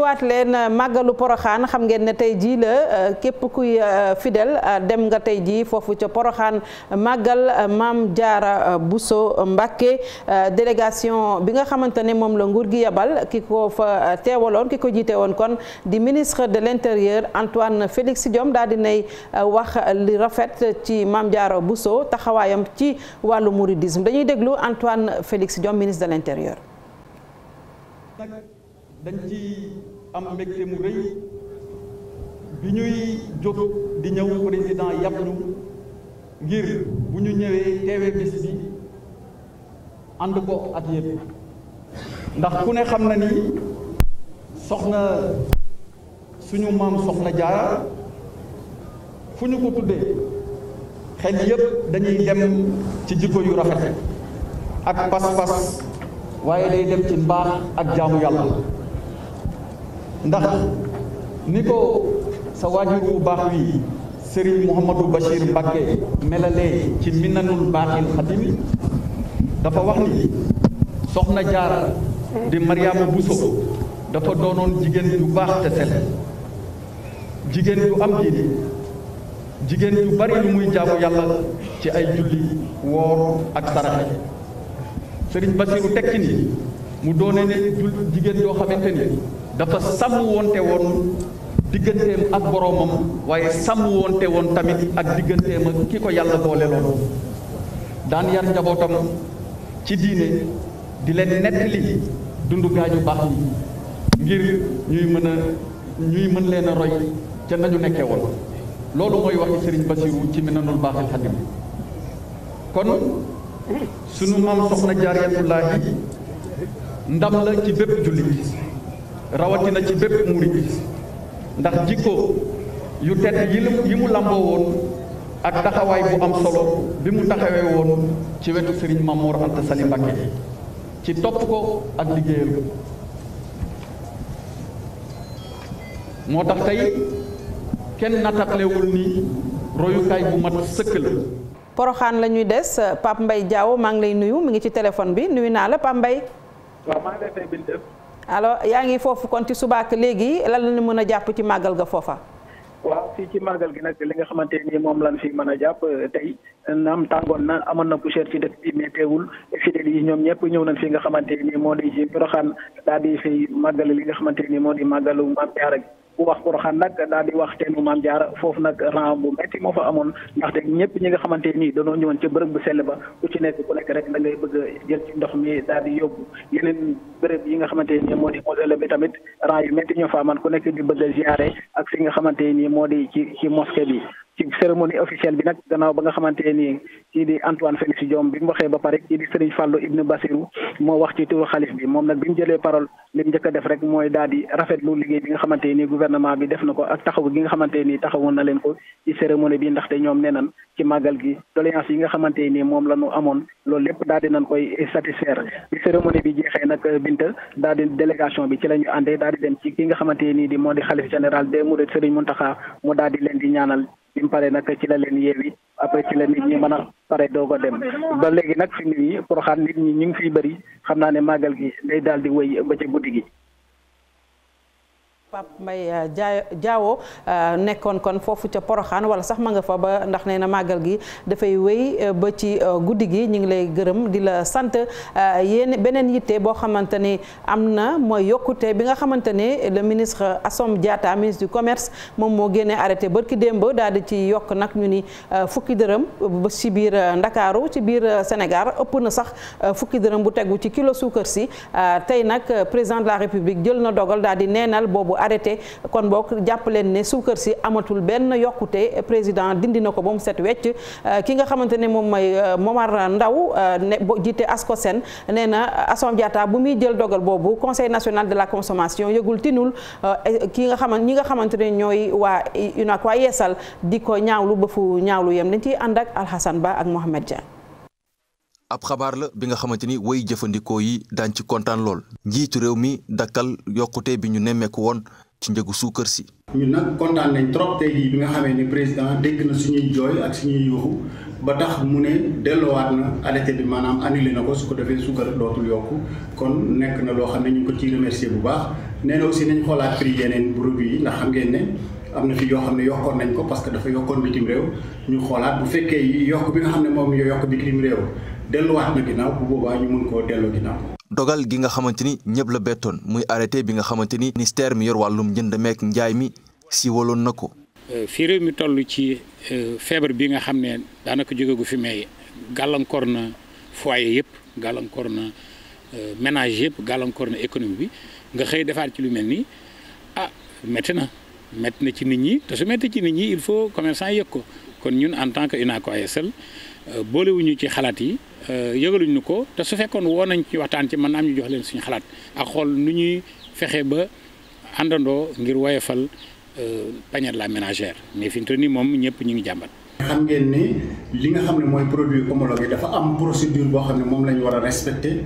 waat leen euh, màggalu poroxaan xam ngeen ne tey jii la euh, képp kuy euh, fidel dem nga tey jii foofu ca poroxaan màggal maam jaara Bousso Mbacke délégation bi nga xamante ne moom la nguur gi yebal ki ko fa teewaloon ki ko jiite woon kon di ministre de l'intérieur Antoine Félix Diome daal dinay wax li rafet ci maam jaara Bousso taxawaayam ci wàllu mouridisme dañuy déglu Antoine Félix Diome ministre de l'intérieur dañ ci am mbégte mu rëy bi ñuy jóg di ñëw président yàpp ñu ngir bu ñu ñëwee teewe bis bi ànd ko ak yéen ndax ku ne xam na ni soxna suñu maam soxna jaara fu ñu ko tuddee xel yépp dañuy dem ci jikko yu rafet ak pas-pas waaye day dem ci mbaax ak jaamu yàlla ndax ni ko sa waajur wu baax wi Serigne Mouhamadou Bachir Mbacké melalee ci minanul baaxil xadimi dafa wax ni soxna jaara di Mariama Bousso dafa doonoon jigéen ju baax te sel jigéen ju am diine jigéen ju bari lu muy jaamu yàlla ci ay julli woor ak saraxe Serigne Bassirou tekki ni mu doone jigéen yoo xamante ni dafa sàmm woonte woon digganteem ak boroomam waaye sàmm woonte woon tamit ak digganteem ak ki ko yàlla boole loon daan yar njabootam ci diine di leen nettali dundu gaañu baax yi ngir ñuy mën a ñuy mën leen a roy ca nañu nekkee woon loolu mooy waxi Serigne Bassirou ci Minanul Baaxil Xadim kon sunu maam soxna Jaaratullaahi ndam la ci bépp jullit rawatina ci bépp murit ndax jikko yu tedd yi mu làmboo woon ak taxawaay bu am solo bi mu taxawee woon ci wetu Serigne Mamour Anta Sali Mbacké ci topp ko ak liggéeyal ko moo tax tey kenn natablewul ni royukaay bu mat sëkk la poroxaan lañuy des Pape mbay Diaw maa ngi lay nuyu mu ngi ci téléphone bi nuyu naa la Pape Mbaye alors yaa ngi foofu kon ci subaak léegi lan la ñu mën a jàpp ci màggal ga foofa. waaw fii ci màggal gi nag li nga xamante ni moom lan fi mën a jàpp euh, tey naam tàngoon na amoon na poussière ci dëkk bi mais teewul fidèles yi ñoom ñëpp ñëw nañ fi nga xamante ni moo di ci Porokhane daal di fi màggal li nga xamante ni moo di màggalu Maam Jaara gi ku wax Porokhane nag daal di wax teenu Maam Jaara foofu nag rang bu metti moo fa amoon ndax ndaxte ñëpp ñi nga xamante nii danoo ñëwoon ca bërëb bu sell ba ku ci nekk ku nekk rek da ngay bëgg a jël ci ndox mi daal di yóbbu yeneen bërëb yi nga xamante nii moo di moselle bi tamit rang yu metti ñoo fa aman ku nekk di bëgg a ziare ak fi nga xamante nii moo di ci ci mosquée bi ci cérémonie officielle bi nag gannaaw ba nga xamante ni kii di Antoine Félix Diome bi mu waxee ba pare ci di Serigne Fallou Ibn Basirou moo wax ci turu xalif bi moom nag bi mu jëlee parole li mu njëkk a def rek mooy daal di rafetlu liggéey bi nga xamante ni gouvernement bi def na ko ak taxaw gi nga xamante ni taxawoon na leen ko ci cérémonie bi ndaxte ñoom nee nan ci màggal gi doléance yi nga xamante ni moom la ñu amoon loolu lépp daal di nañ koy satisfaire bi cérémonie bi jeexee nag Binta daal di délégation bi ci la ñu àndee daal di dem ci ki nga xamante nii di moo di xalif général des mourides Serigne Mountakha mu dal di leen di ñaanal bi mu paree nag ci la leen yeewi après ci la nit ñi mën a pare doog dem ba léegi nag fi mu nii nit ñi ñu ngi fiy bëri xam naa ne màggal gi day daal di wéy ba ci guddi gi. Pape Mbaye euh, Diawo euh, nekkoon kon foofu ca Poroxaan wala sax ma nga fa ba ndax nee na màggal gi dafay wéy euh, ba ci guddi gi ñu ngi lay gërëm di la sant yéen beneen yitte boo xamante ni am na mooy yokkute bi nga xamante ne le ministre Assome Diatta ministre du commerce moom moo génnee arrêté barki démb daal di ci yokk nag ñu ni fukki dërëm ba ci biir Ndakaaru ci biir Sénégal ëpp na sax fukki dërëm bu tegu ci kilo suukar si tey nag président de la République jël arrêté kon boog jàpp leen ne suukar si amatul benn yokkute président dindi na ko ba mu set wecc euh, ki nga xamante ne moom mooy euh, Momar Ndaw euh, ne jiite Ascosen nee na Assome bu muy jël dogal boobu conseil national de la consommation yëgul tinul ki nga xamante ñi nga xamante ne ñooy waa UNAC waa yeesal di ko ñaawlu ba fu ñaawlu yem dañ ciy ànd ak Alhassane Ba ak Mohamed Dieng ab xabaar la bi nga xamante ni woy jëfandikoo yi daan ci kontaan lool njiitu réew mi dakkal yokkute bi ñu nemmeeku woon ci njëgu suukar si. ñun nag kontaan nañ trop tey jii bi nga xamee ni président dégg na suñuy jooy ak ñuy yuuxu ba tax mu ne delloowaat na arrêté bi maanaam annulé na ko su ko defee suukar dootul yokku kon nekk na loo xam ne ñu ngi ko ciy remercier bu baax nee na aussi nañ xoolaat prix yeneen produits yi ndax xam ngeen ne. am na fi yoo xam ne yokkoon nañ ko parce que dafa yokkoon bitim réew ñu xoolaat bu fekkee bi nga xam ne moom yo yokk bitim réew delluwaat na ginnaaw bu boobaa ñu mën koo delloo ginnaaw. dogal gi nga xamante ni ñëpp la bettoon muy arrêté bi nga xamante ni ministère mi yor wàllum njënd meek njaay mi si waloon na ko. Euh, fii réew mi toll ci euh, feebar bi nga xam ne daanaka jóge gu fi may gàllankoor na foye yëpp gàllankoor na euh, ménage yëpp gàllankoor na économie bi nga xëy defaat ci lu mel ni ah métti na métti na ci nit ñi te su métti ci nit ñi il faut commerçant yëg ko kon ñun en tant que UNACOIS boolewuñu ci xalaat yi. Euh, yëgaluñ ñu ko te su fekkoon woo nañ ci waxtaan ci man naa am ñu jox leen suñu xalaat ak xool nu ñuy fexe ba àndandoo ngir woyefal panier euh, de la ménagère mais fi mu toll nii moom ñëpp ñu ngi jàmbat. xam ngeen ni li nga xam ne mooy produit homologué dafa am procédure boo xam ne moom la ñu war a respecté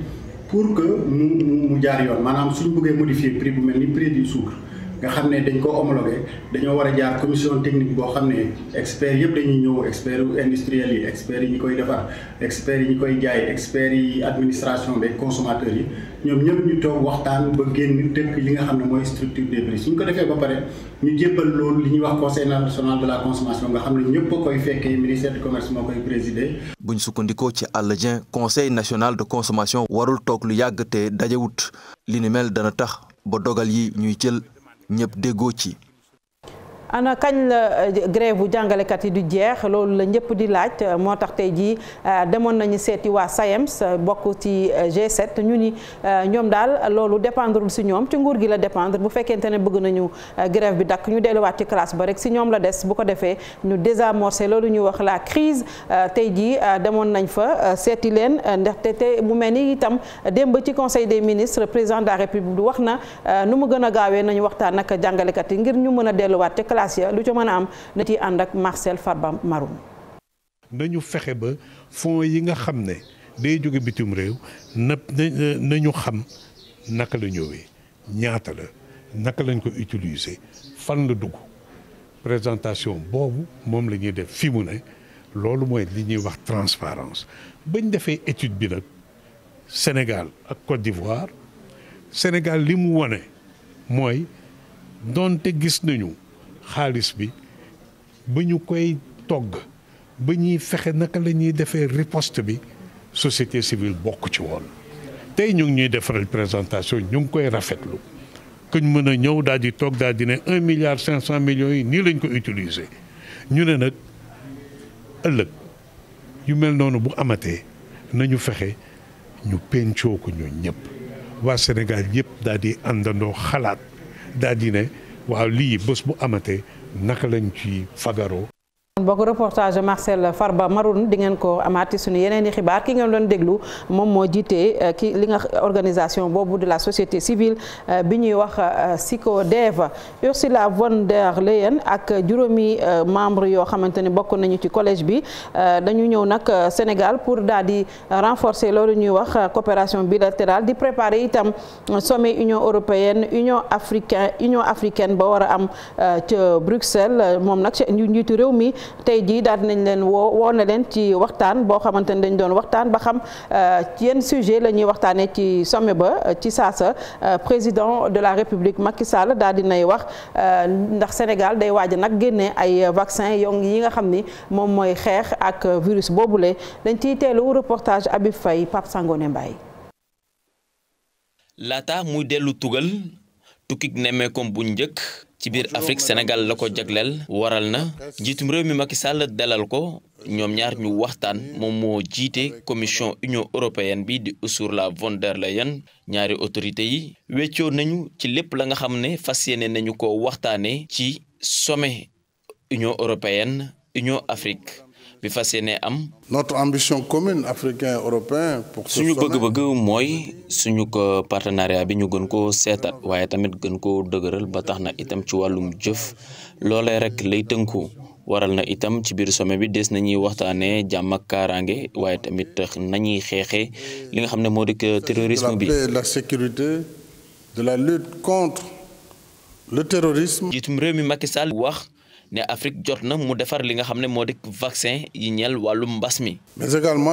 pour que mu mu jaar yoon maanaam suñu bëggee modifier prix bu mel ni prix du sucre. nga xam ne dañ ko homologué dañoo war a jaar commission technique boo xam ne experts yëpp dañuy ñëw experts yu industriels yi experts yi ñu koy defar experts yi ñu koy jaay experts yi administration des consommateurs yi ñoom ñëpp ñu toog waxtaan ba génn dëkk li nga xam ne mooy structure des prix suñ ko defee ba pare ñu jébbal loolu li ñuy wax conseil national de la consommation nga xam ne ñëpp a koy fekkee ministère du commerce moo koy présider. buñ sukkandikoo ci àll jën conseil national de consommation warul toog lu yàgg te dajewut li ni mel dana tax ba dogal yi ñuy jël. ñëpp déggoo ci ana kañ la euh, grève bu jàngalekat yi du jeex loolu la ñëpp di laaj moo tax tey jii euh, demoon nañu seeti waa SAEMS bokk ci euh, G7 ñu ni ñoom daal loolu dépendrul si ñoom ci nguur gi la dépendre bu fekkente ne bëgg nañu grève bi dakk ñu delluwaat ci classe ba rek si ñoom la des bu ko defee ñu désamorcer loolu ñu wax la crise tey jii demoon nañ fa seeti leen ndaxte te mu mel ni itam démb ci conseil des ministres président de la république wax na nu mu gën a gaawee nañu waxtaan ak jàngalekat yi ngir ñu mën a delluwaat classe ya lu ca mën a am na ciy ànd ak Marcel Farba Maroum nañu fexe ba fonds yi nga xam ne day jóge bitim réew na nañu xam naka la ñëwee ñaata la naka lañ ko utiliser fan la dugg présentation boobu moom la ñuy def fi mu ne loolu mooy li ñuy wax transparence bañ defee étude bi nag Sénégal ak Côte d'Ivoire Sénégal li mu wone mooy donte gis nañu xaalis bi ba ñu koy togg ba ñuy fexe naka la ñuy defee riposte bi société civile bokk ci woon tey ñu ngi ñuy defaral présentation ñu ngi koy rafetlu kuñ mën a ñëw daal di toog daal di ne un milliard cinq cent millions yi nii lañ ko utiliser ñu ne nag ëllëg yu mel noonu bu amatee nañu fexe ñu pencoo ko ñoo ñëpp waa Sénégal yëpp daal di àndandoo xalaat daal ne waaw lii bés bu amatee naka lañ ci fagaroo boo bokk reportage Marcel Farba Maroun di ngeen ko amaati suñu yeneen i xibaar ki ngeen doon déglu moom moo jiite euh, ki li nga organisation boobu de la société civile euh, bi ñuy wax euh, SICODEV Ursula von der Leyen ak juróomi membre yoo xamante ne bokk nañu ci collège bi dañu ñëw nag Sénégal pour daal di renforcer loolu ñuy wax coopération bilatérale di préparer itam sommet Union européenne Union africaine Union africaine ba war a am ca Bruxelles moom nag njiitu réew mi tey jii daal dinañ leen woo woo na leen ci waxtaan boo xamante ne dañ doon waxtaan ba xam euh, yenn sujet la ñuy waxtaanee ci sommet ba euh, ci saasa euh, président de la république Macky Sall daal dinay wax ndax Sénégal day waaj nag génne ay vaccin yong yi nga xam ni moom mooy xeex ak virus boobule dañ ciy teelu reportage Abib fay Pape Sangone Mbaye laata muy dellu tugal tukkik nemmeekom bu njëkk ci biir Afrique Sénégal la ko jagleel waral na njiitum réew mi Macky sàll dalal ko ñoom ñaar ñu waxtaan moom moo jiite commission union européenne bi di la von der Leyen ñaari autorité yi weccoo nañu ci lépp la nga xam ne fas yéene nañu ko waxtaane ci some union européenne union Afrique bi fa yéene am. notre ambition commune africain européen pour suñu bëgg-bëgg mooy suñu ko partenariat bi ñu gën koo seetal waaye tamit gën ko dëgëral ba tax na itam ci wàllum jëf loolee rek lay tënku. waral na itam ci biir sommet bi des nañuy waxtaanee jàmm ak kaaraange waaye tamit nañuy xeexee li nga xam ne moo di terrorisme bi. la sécurité de la lutte réew mi Macky Sall wax. ne Afrique jot na mu defar li nga xam ne moo di vaccin yi ñel wàllum mbas mi. mais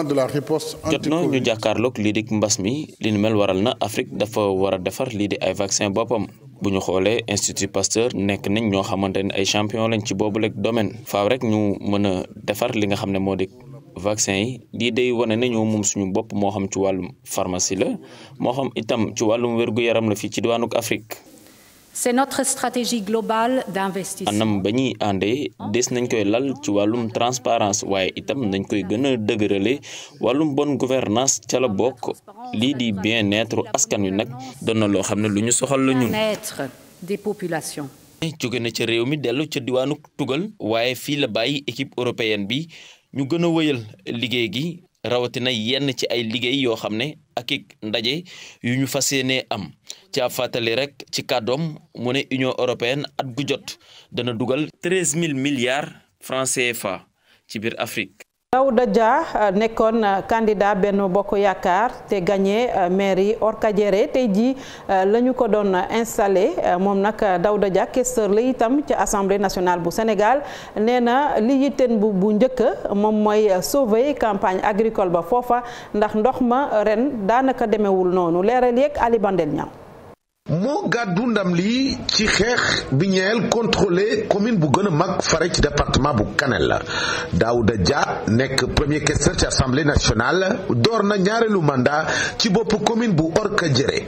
de la riposte jot na ñu jàkkaarloog lii di mbas mi li nu mel waral na Afrique dafa war a defar lii di ay vaccin boppam. bu ñu xoolee institut Pasteur nekk nañ ñoo xamante ne ay champion lañ ci boobu rek domaine faaw rek ñu mën a defar li nga xam ne moo di vaccin yi lii day wane nañu ñoo moom suñu bopp moo xam ci wàllum pharmacie la moo xam itam ci wàllum wér-gu-yaram la fii ci diwaanuk Afrique c'est notre stratégie globale d'investissement. anam ba ñuy àndee des nañ koy lal ci wàllum transparence waaye itam nañ koy gën a dëgërale wàllum bon gouvernance ca la bokk lii di bien-être askan wi nag doon na loo xam ne lu ñu soxal la ñun. des jóge na ca réew mi dellu ca diwaanu tugal waaye fii la bàyyi équipe européenne bi ñu gën a wëyal liggéey gi. rawatina yenn ci ay liggéey yoo xam ne ak ndaje yu ñu fas yéenee am ci ab fàttali rek ci kàddoom mu ne Union européenne at gu jot dana dugal treize mille milliards francs CFA ci biir Afrique. Daouda Dia euh, nekkoon kandidaa euh, benn Bokk Yaakaar te gagné euh, mairie Orkadiéré tey jii la ñu ko doon installé moom nag Daouda Dia questeur la itam ci assemblée national bu Sénégal nee na li yitteen bu bu njëkk moom mooy sauver campagne agricole ba foofa ndax ndox ma ren daanaka demewul noonu leeral yeeg Ali Bandel moo gàddu ndam lii ci xeex bi ñeel contrôler commune bu gën a mag fare ci département bu la Daouda Dia nekk premier questeur ci assemblée national door na ñaareelu mandat ci bopp commune bu Orkadiéré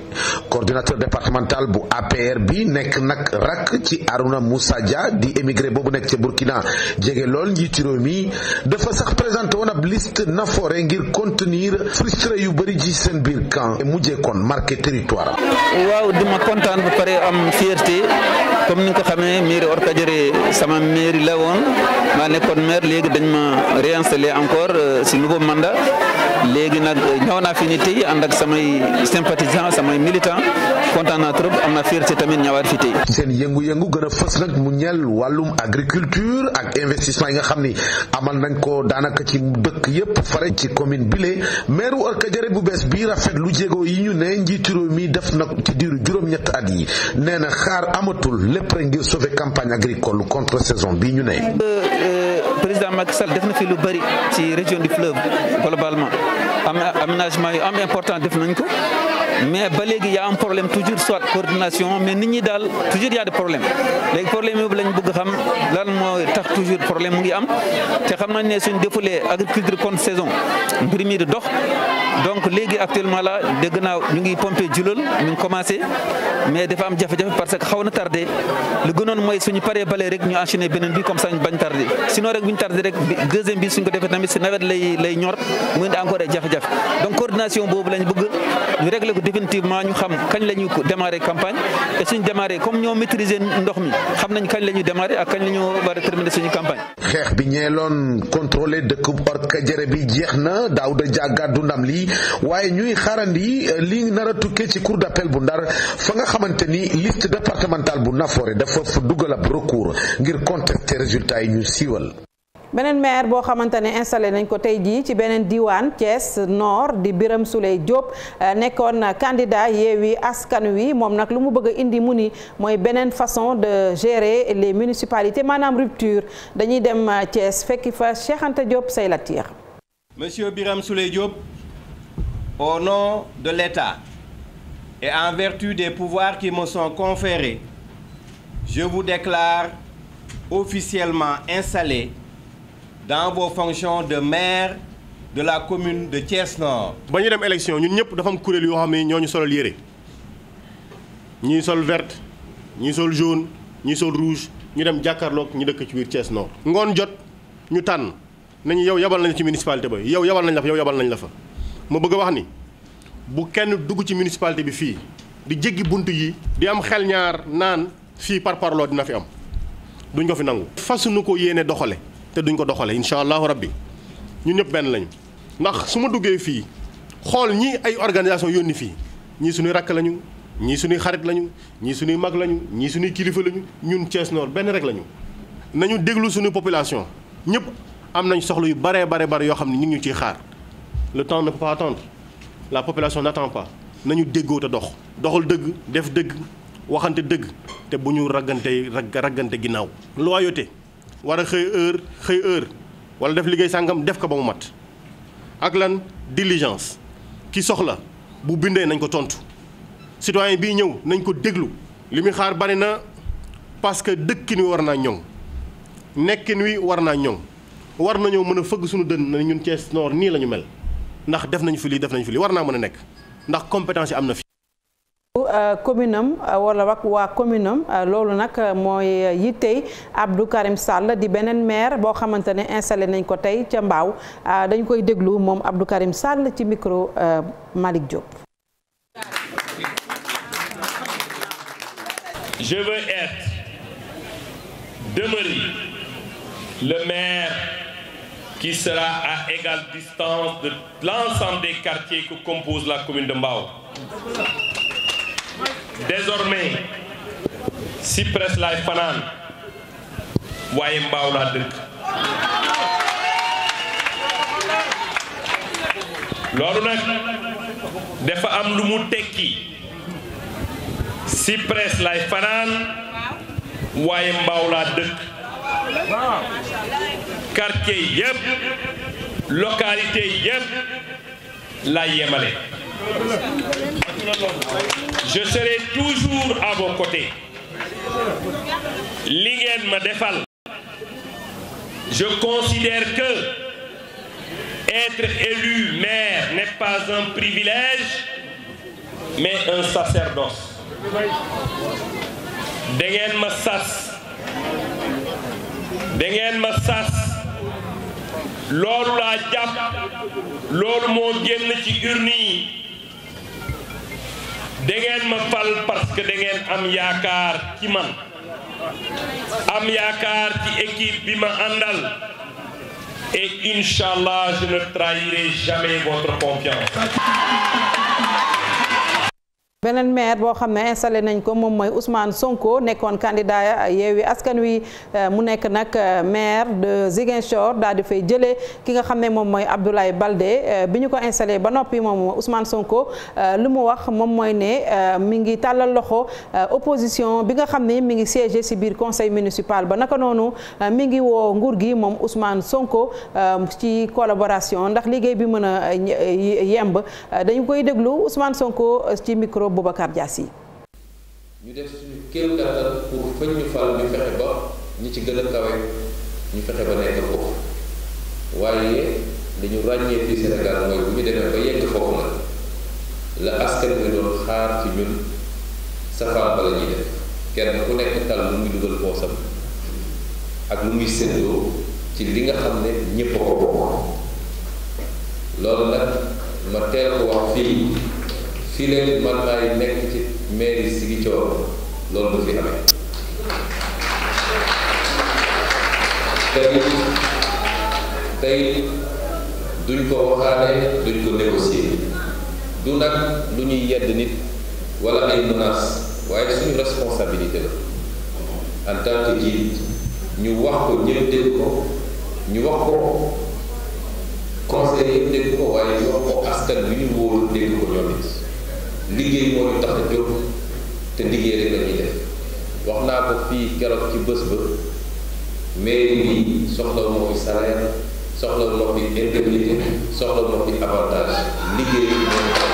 koordinateur départemental bu APR bi nekk nag rak ci Arouna Moussa Dia di émigré boobu nekk ca Burkina jege lool njiitu réew mi dafa sax présente woon ab liste nafoore ngir contenir frustré yu bari ji seen biir camp mujjee kon marqué territoire ma kontaan ba pare am fierté comme ni nga ko xamee mairie Orkadiéré sama mairie la woon maa nekkoon maire léegi dañ ma réinstallé encore euh, si man mandat. léegi nag eh, ñëw naa fi ni tey ànd ak samay sympathisant samay militant kontaan trop am na fierté tamit ñëwaat fi tey. seen yëngu-yëngu gën fës nag mu ñeel wàllum agriculture ak investissement yi nga xam ni amal nañ ko daanaka ci dëkk yépp fare ci commune bile maire wu bu bees bii rafet lu jéego yi ñu ne njiitu réew mi def na ci diiru juróom-ñett at yi nee na xaar amatul lépp rek ngir sauver campagne agricole contre saison bii ñu ne. Euh, euh, président Macky Sall def na fi lu bëri ci région du fleuve globalement am aménagement yu am important def nañ ko mais ba léegi y problème toujours soit coordination mais nit ñi daal toujours y a des problèmes léegi problème yooyu lañ bëgg xam lan moo tax toujours problème mu ngi am te xam nañ ne suñ defulee agriculture contre saison mbir de dox donc léegi actuellement la dégg naa ñu ngi pomper julal ñu ngi commencé mais dafa am jafe-jafe parce que xaw na tardé lu gënoon mooy suñu paree bale rek ñu enchaîner beneen bi comme ça ñu ñu tardé rek deuxième suñ ko defee tamit si nawet lay lay ñor mu indi encore ay jafe-jafe donc coordination boobu lañ bëgg ñu régler ko définitivement ñu xam kañ la ñuy démarrer campagne et suñ démarrer comme ñoo maîtriser ndox mi xam nañ kañ la ñuy démarrer ak kañ la ñu war a terminer suñu campagne. xeex bi ñeeloon contrôler dëkkub orka jërë bi jeex na Daouda Dia gàddu ndam lii waaye ñuy xaarandi euh, lii nar a tukkee ci cour d'appel bu Ndar fa nga xamante ni liste départementale bu Nafoore dafa fa dugal ab recours ngir contester résultat yi ñu siiwal. beneen maire boo xamante ne installé nañ ko tey jii ci beneen diwaan Thiès noor di biram Souleye Diop euh, nekkoon candidat Yewwi Askan Wi moom nag lu mu bëgg a indi mu ni mooy beneen façon de gérer les municipalités maanaam rupture dañuy dem euh, Thiès fekki fa Cheikh Anta say la tiir Monsieur Birame Souleye Diop au nom de l'État et en vertu des pouvoirs qui me sont conférés je vous déclare officiellement installé dans vos fonctions de maire de la commune de Thiès Nord. ba ñu dem élection ñun ñëpp dafa am kuréel yoo xam ne ñoo ñu solal yére ñii sol verte ñii sol jaune ñii sol rouge ñu dem jàkkaarloog ñu dëkk ci biir Thiès Nord. ngoon jot ñu tànn nañu yow yabal nañu ci municipalité ba yow yabal nañ la fa yow yabal nañ la fa ma bëgg a wax ni bu kenn dugg ci municipalité bi fii di jéggi bunt yi di am xel ñaar naan fii par parloo dina fi am duñ ko fi nangu. fasuñu ko yéene doxale te duñ ko doxale incha allahu rabbi ñun ñëpp benn lañu ndax su ma duggee fii xool ñi ay organisation yónni fii ñii suñuy rakk lañu ñii suñuy xarit lañu ñii suñuy mag lañu ñii suñuy kilifa lañu ñun cees Nord benn rek lañu nañu déglu suñu population ñëpp am nañ soxla yu bare bare bare yoo xam ne ñu ngi ñu ciy xaar le temps ne peut pas la population na pas nañu déggoo te dox doxal dëgg def dëgg waxante dëgg te bu ñu raggante raggante ginnaaw loyauté war a xëy heure xëy heure wala def liggéey sàngam def ko ba mu mat ak lan dilligence ki soxla bu bindee nañ ko tontu citoyen bii ñëw nañ ko déglu li muy xaar bari na parce que dëkkin wi war naa ñoŋ nekkin wi war naa ñoŋ war nañoo mën a fëgg sunu dënn na ñun Thiès Nord nii la ñu mel ndax def nañu fi lii def nañ fi lii war naa mën a nekk ndax compétence yi am na fi Euh, commune am euh, wala wak waa commune am euh, loolu nag mooy yittey Abdou Karim Sall di beneen maire boo xamante ne installé nañ ko tey ca Mbaaw dañ koy déglu moom Abdou Karim Sall ci micro Malick Diop. Je veux désormais Cyprès laay fanaan waaye mbaaw laa dëkk loolu nag dafa am lu mu tekki Cyprès laay fanaan waaye mbaaw laa dëkk quartier yépp localité yépp laa yemale je serai toujours à vos côtés li ngeen ma defal je considère que être élu maire n'est pas un privilège mais un sacerdoce da ngeen ma sas da ngeen ma sas loolu laa jàpp loolu ci urne dangeen ma fal parce que dangeen am yaakaar ci am yaakaar ci équipe bi ma àndal et incha je ne trahirai jamais votre confiance beneen maire boo xam ne installé nañ ko moom mooy Ousmane Sonko nekkoon candidat Yewwi Askan Wi euh, mu nekk nag euh, maire de Ziguinchor daal di fay jëlee ki nga xam ne moom mooy Abdoulaye balde euh, bi ñu ko installé ba noppi moom Ousmane Sonko lu mu wax moom mooy ne mi ngi tàllal loxo opposition bi nga xam ne mi ngi siégé ci biir conseil municipal ba naka noonu mi ngi woo nguur gi moom Ousmane Sonko ci collaboration ndax liggéey bi mën a yemb dañu koy déglu Ousmane Boubacar Dias yi ñu def suñu kéem kàttan pour fañ ñu fal ñu fexe ba ñi ci gën a kawe ñu fexe ba nekk foofu waaye li ñu ràññee fii Sénégal mooy bu ñu demee ba yegg foofu nag la askan wi doon xaar ci ñun safaan ba la ñuy def kenn ku nekk tal lu ngi dugal poosam ak lu muy séddoo ci li nga xam ne ñépp ko loolu nag ma teel ko wax fii fii leen man nekk ci mairie Ziguinchor loolu du fi amee tey tey duñ ko waxaane duñ ko négocier du nag lu ñuy yedd nit wala ay menaces waaye suñu responsabilité la en tant ñu wax ko ñëpp dégg ko ñu wax ko conseil yëpp dégg ko waaye ñu wax ko askan bi ñu wóolu dégg ko ñoom it liggéey moo ñu tax a jóg te liggéey rek la ñuy def wax naa ko fii keroog ci bés ba mairie bi soxla moo fi salaire soxla moo fi indemnité soxla moo fi avantage liggéey bi moo ñu tax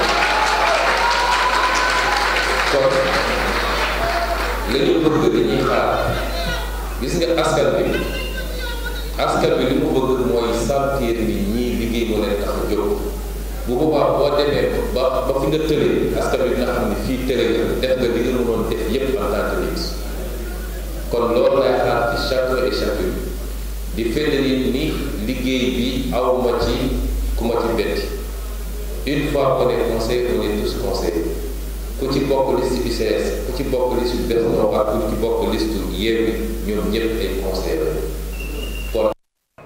kon la ñu bëgg li mu bëgg mooy sentir ni ñii liggéey moo leen tax a jóg bu boobaa boo demee ba ba fi nga tëlee askan bi nga xam ne fii tëlee nga def nga li nga mënoon def yépp en tant que kon loolu laay xaar ci chaque et chacune di fëttali ni liggéey bi aw ci ku ma ci bett une fois qu'on est conseil on tous conseillés ku ci bokk liste bi ku ci bokk liste bi Benno ak ku ci bokk liste Yewwi ñoom ñëpp ay conseillers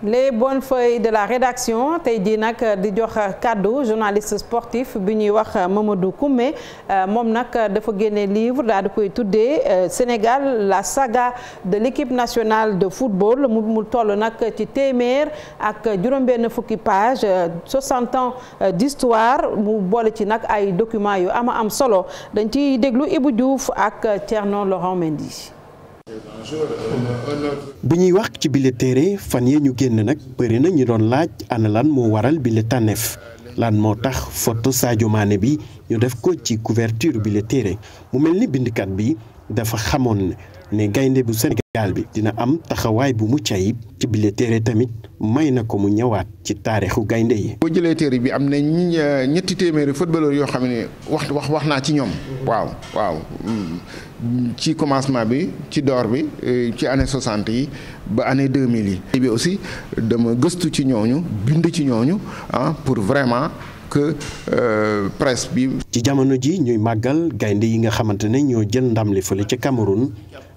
les bon feuilles de la rédaction tey jii nag euh, di jox euh, kàddu journaliste sportif bi ñuy wax euh, Mamadou Koumé moom nag dafa génne livre daal di koy tuddee Sénégal la saga de l'équipe nationale de football mu mu toll nag ci téeméer ak juróom-benn fukki page 60 ans d'histoire mu boole ci nag ay documents yu ama am solo dañ ciy déglu Ibou Diouf ak Thierno Laurent Mendy bi ñuy wax ci bile téere fan yee ñu génn nag bëri na ñu doon laaj ana lan moo waral bile tànneef lan moo tax foto Sadio Mané bi ñu def ko ci couverture bile téere mu mel ni bindkat bi dafa xamoon ne gaynde bu Sénégal bi dina am taxawaay bu mucc ayib ci bile téere tamit may na ko mu ñëwaat ci taarixu gaynde yi. boo jëlee téere bi am na ñetti téeméeri footballeur yoo xam ne wax wax naa ci ñoom. waaw ci commencement bi ci door bi euh, ci année soixante yi ba année deux mille yi. bi aussi dama gëstu ci ñooñu bind ci ñooñu ah pour vraiment. que euh, presse bi. ci jamono ji ñuy màggal gaynde yi nga xamante ne ñoo jël ndam li fële ci Cameroun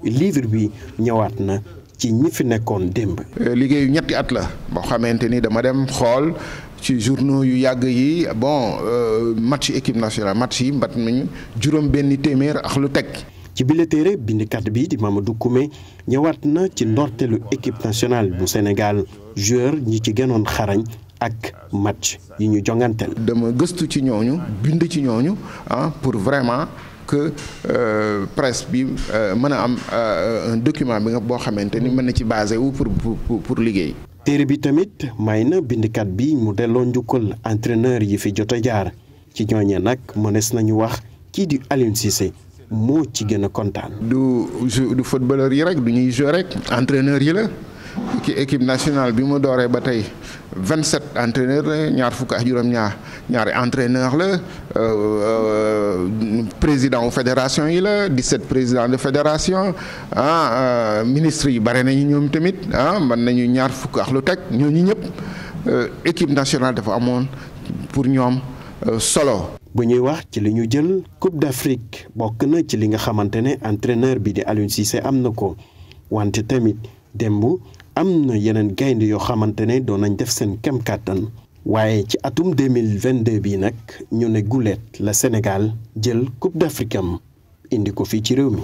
livre bi ñëwaat na ci ñi fi nekkoon démb. Euh, liggéeyu ñetti at la boo xamante ni dama dem xool ci journaux yu yàgg yi bon match équipe nationale match yi mbat nañu juróom benn téeméer ak lu teg. ci bile téere bindkat bi di Mamadou Koumé ñëwaat na ci ndorteelu équipe nationale bu Sénégal joueur ñi ci gënoon xarañ ak match yi ñu jonganteel. dama gëstu ci ñooñu bind ci ñooñu ah, pour vraiment que euh, bi euh, mën a am euh, un document bi nga boo xamante ni mën na ci basé wu pour pour pour liggéey. téere bi tamit may na bindkat bi mu delloo njukkal entreneur yi fi jot jaar ci ñooñee nag mënees nañu wax kii di Aliou Cissé. moo ci gën a kontaan. du du footballeur yi rek du ñuy joueur rek entraîneur yi la ci équipe nationale bi mu dooree ba tey vingt sept entraîneur la ñaar fukk ak juróom-ñaar ñaari entraîneur la euh, euh, président wu fédération yi la dix sept président de fédération ah euh, ministre yi bare nañu ñoom tamit ah mën nañu ñaar fukk ak lu teg ñoo ñooñu ñëpp équipe nationale dafa amoon pour ñoom solo. bu ñuy wax ci li ñu jël Coupe d'Afrique bokk na ci li nga xamante ne entraîneur bi di Aliou Cissé am na ko wante tamit démb am na yeneen gaynde yoo xamante ne doon nañ def seen kem kàttan waaye ci atum 2022 bi nag ñu ne guleet la Sénégal jël Coupe d'Afrique indi ko fii ci réew mi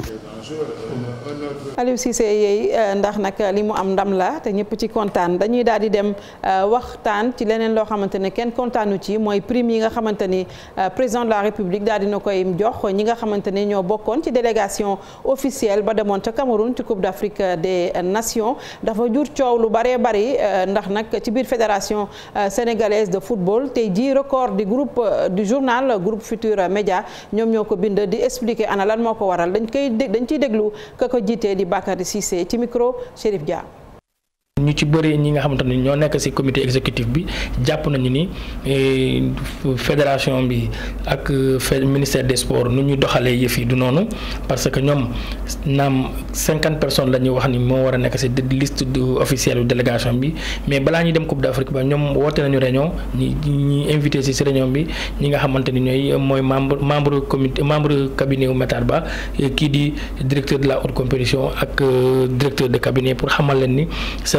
Aliou Cissé yeey euh, ndax nag li mu am ndam la te ñëpp ci kontaan dañuy daal di dem euh, waxtaan ci leneen loo xamante ne kenn kontaanu ci mooy prime yi nga xamante ni euh, président de la république daal dina koy jox ñi nga xamante ni ñoo bokkoon ci délégation officielle ba demoon ca Cameroun ci Coupe d'Afrique des Nations dafa jur coow lu baree bari ndax nag ci biir fédération sénégalaise de football tey jii record du groupe du journal groupe Futur Média ñoom ñoo ko bind di expliquer ana lan moo ko waral dañ koy dañ di Bakary Cissé ci micro Chérif Dia. ñu ci bëri ñi nga xamante ne ñoo nekk ci comité exécutif bi jàpp nañu ni eh, fédération bi ak ministère de sports nu ñuy doxalee yëf yi du noonu parce que ñoom naam cinquante personnes la ñuy wax ni moo war a nekk ci liste officielle délégation bi mais balaa ñuy dem Coupe d'Afrique ba ñoom woote nañu réunion ñi ñi invité ci ci réunion bi ñi nga xamante ni ñooy mooy membre membre comité membre cabinet wu Matar Ba eh, kii di directeur de la haute compétition ak eh, directeur de cabinet pour xamal leen ni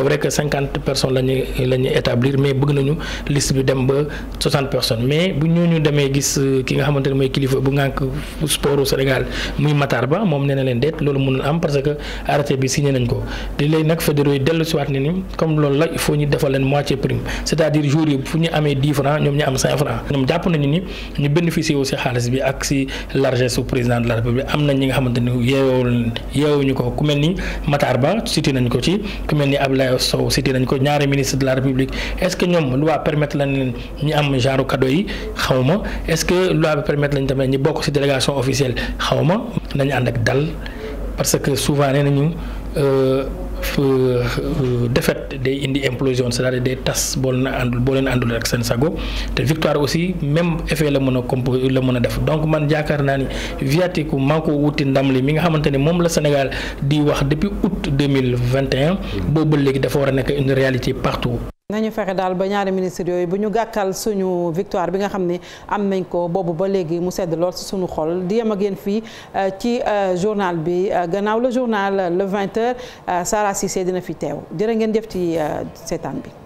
vrai que cinquante personnes la ñu la ñu établir mais bëgg nañu liste bi dem ba soixante personnes mais bu ñooñu demee gis euh, ki nga xamante ne mooy kilifa bu ngànk sport au Sénégal muy Matar Ba moom nee na leen déet loolu mënul am parce que arrêté bi signé nañ ko di léegi nag fédéraux yi dellu siwaat ne ni comme loolu la il ñu defal leen moitié prime cest dire jour yi fu ñu amee dix francs ñoom ñu am cinq francs ñoom jàpp nañu ni ñu bénéficier aussi xaalis bi ak si largesse su président ko ku mel ni Matar Ba cité nañ Sow cité nañ ko ñaari ministre de la république est ce que ñoom loi permettre lañ leen am genre cadeau yi xaw est ce que loi permettre lañ tamit ñu bokk ci délégation officielle xaw nañu ànd ak dal parce que souvent nee nañu. Euh, Euh, euh, défaite day indi implosion c'est-à-dire day tas boo leen àndul boo leen àndul ak seen sago te victoire aussi même effet la mën a compo la mën a def donc man jaakaar naa ni viatique maa ko wuti ndam li mi nga xamante ne moom la Sénégal di wax depuis août deux mille vingt et un mm. léegi dafa war a nekk une réalité partout. nañu fexe daal ba ñaari ministre yooyu bu ñu gàkkal suñu victoire bi nga xam ne am nañ ko boobu ba léegi mu sedd lool suñu xol di yem a yéen fii euh, ci euh, journal bi euh, gannaaw le journal le 20h Sara Cissé dina fi teew jërë ngeen jëf ci seetaan bi.